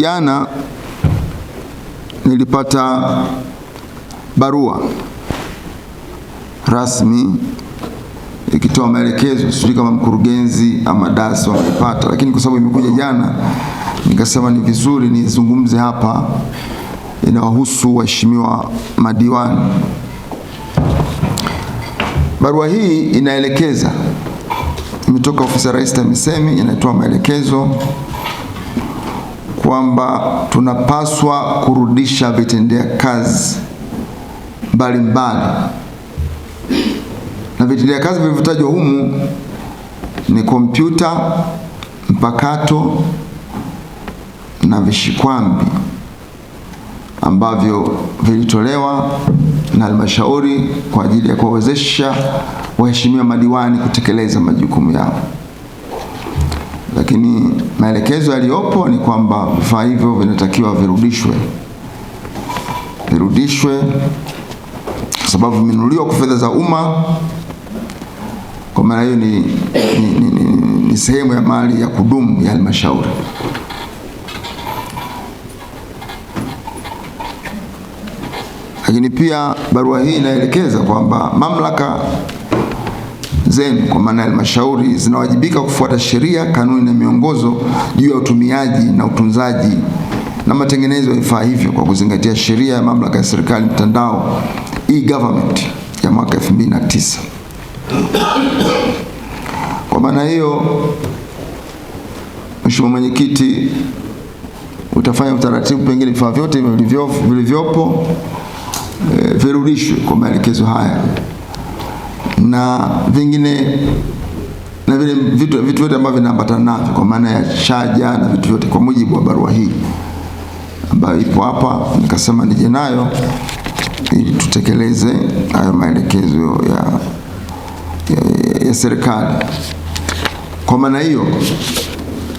Jana nilipata barua rasmi ikitoa maelekezo, sijui kama mkurugenzi ama dasi wameipata, lakini kwa sababu imekuja jana, nikasema ni vizuri nizungumze hapa. Inawahusu waheshimiwa madiwani. Barua hii inaelekeza, imetoka ofisi ya Rais TAMISEMI, inatoa maelekezo kwamba tunapaswa kurudisha vitendea kazi mbalimbali na vitendea kazi vilivyotajwa humu ni kompyuta mpakato na vishikwambi ambavyo vilitolewa na halmashauri kwa ajili ya kuwawezesha waheshimiwa madiwani kutekeleza majukumu yao, lakini Maelekezo yaliyopo ni kwamba vifaa hivyo vinatakiwa virudishwe, virudishwe kwa sababu vimenunuliwa kwa fedha za umma. Kwa maana hiyo ni, ni, ni, ni, ni sehemu ya mali ya kudumu ya halmashauri. Lakini pia barua hii inaelekeza kwamba mamlaka zenu, kwa maana ya halmashauri, zinawajibika kufuata sheria, kanuni na miongozo juu ya utumiaji na utunzaji na matengenezo ya vifaa hivyo kwa kuzingatia sheria ya mamlaka ya serikali mtandao e-government ya mwaka 2009. Kwa maana hiyo, Mheshimiwa Mwenyekiti, utafanya utaratibu pengine vifaa vyote vilivyopo vilivyopo, eh, virudishwe kwa maelekezo haya na vingine na vile vitu vitu vyote ambavyo vinaambatana navyo kwa maana ya chaja na vitu vyote, kwa mujibu wa barua hii ambayo ipo hapa, nikasema nije nayo ili tutekeleze hayo maelekezo ya, ya, ya, ya serikali. Kwa maana hiyo,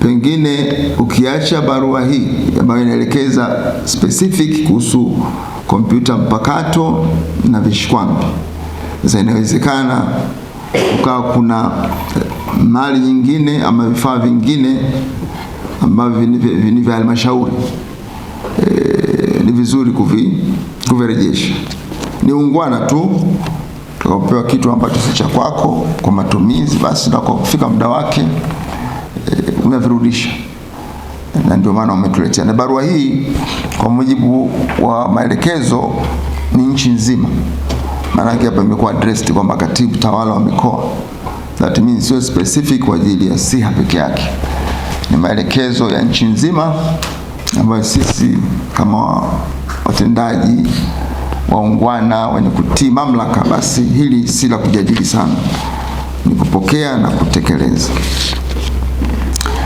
pengine ukiacha barua hii ambayo inaelekeza specific kuhusu kompyuta mpakato na vishikwambi sasa inawezekana ukawa kuna mali nyingine ama vifaa vingine ambavyo ni vya halmashauri e, ni vizuri kuvi, kuvirejesha. Ni ungwana tu tukapewa kitu ambacho si cha kwako kwa matumizi, basi na kwa kufika muda wake e, unavirudisha na ndio maana wametuletea. Na barua hii kwa mujibu wa maelekezo ni nchi nzima. Maanake hapa imekuwa addressed kwamba katibu tawala wa mikoa, that means sio specific kwa ajili ya Siha peke yake, ni maelekezo ya nchi nzima ambayo sisi kama watendaji waungwana wenye kutii mamlaka, basi hili si la kujadili sana, ni kupokea na kutekeleza.